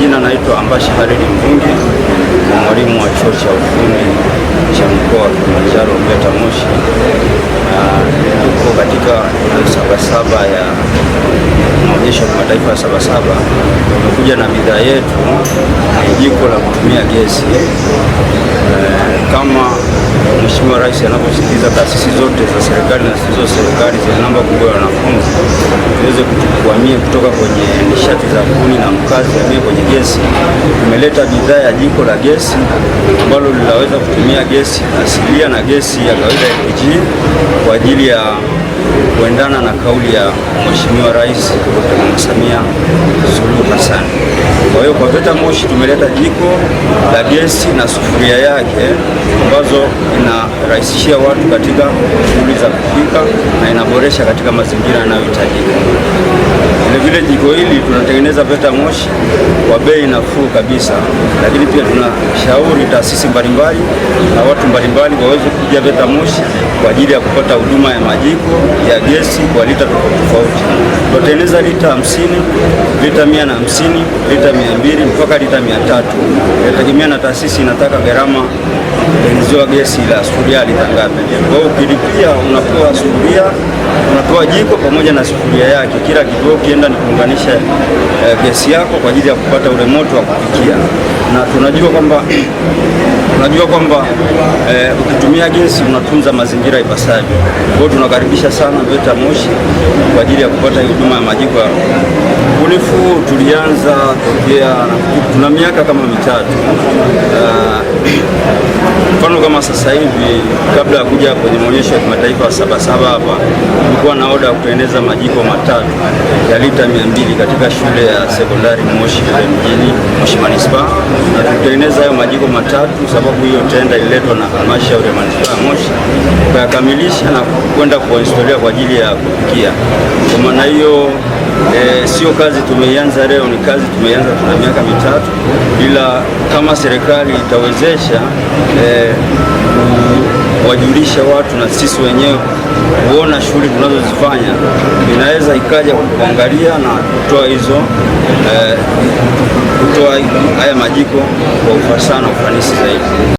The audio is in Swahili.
Jina naitwa Ambashi Haridi Mvungi, ni mwalimu wa chuo cha ufundi cha mkoa wa Kilimanjaro VETA Moshi. Tuko katika Sabasaba ya maonyesho ya kimataifa ya Sabasaba. Tumekuja na bidhaa yetu ni jiko la kutumia gesi eh, kama Mheshimiwa Rais anaposikiliza taasisi zote za serikali na zisizo serikali zenye namba kubwa ya wanafunzi ziweze kuhamia kutoka kwenye nishati za kuni na mkaa zihamie kwenye gesi. Tumeleta bidhaa ya jiko la gesi ambalo linaweza kutumia gesi asilia na gesi ya kawaida LPG kwa ajili ya kuendana na kauli ya Mheshimiwa Rais Dr. Samia Suluhu Hassan hiyo kwa VETA Moshi tumeleta jiko la gesi na sufuria yake ambazo inarahisishia watu katika shughuli za kupika na inaboresha katika mazingira yanayohitajika. Vilevile jiko hili tunatengeneza peta moshi kwa bei nafuu kabisa, lakini pia tunashauri taasisi mbalimbali na watu mbalimbali waweze kuja peta moshi kwa ajili ya kupata huduma ya majiko ya gesi kwa lita tofauti tofauti. Tunatengeneza lita hamsini, lita mia na hamsini, lita mia mbili mpaka lita mia tatu, inategemea na taasisi inataka gharama benziwa gesi la sufuria ngapi. Kwa hiyo ukilipia unapewa sufuria, unapewa jiko pamoja na sufuria yake, kila kituo kienda ni kuunganisha eh, gesi yako kwa ajili ya kupata ule moto wa kupikia, na tunajua kwamba tunajua kwamba eh, ukitumia gesi unatunza mazingira ipasavyo. Kwa hiyo tunakaribisha sana VETA Moshi kwa ajili ya kupata huduma ya majiko ya ubunifu. Tulianza tokea tuna miaka kama mitatu uh, Mfano kama sasa hivi kabla ya kuja kwenye maonyesho ya kimataifa Sabasaba hapa tulikuwa na oda ya kutengeneza majiko matatu ya lita mia mbili katika shule ya sekondari Moshi kule mjini Moshi Manispaa, na tulitengeneza hayo majiko matatu sababu hiyo tenda ililetwa na halmashauri ya manispaa ya Moshi, kuyakamilisha na kwenda kuwainstolia kwa ajili ya kupikia. Kwa maana hiyo E, sio kazi tumeianza leo, ni kazi tumeianza tuna miaka mitatu, ila kama serikali itawezesha e, eh, wajulisha watu na sisi wenyewe kuona shughuli tunazozifanya inaweza ikaja kuangalia na kutoa hizo eh, kutoa haya majiko kwa ufasaha na ufanisi zaidi.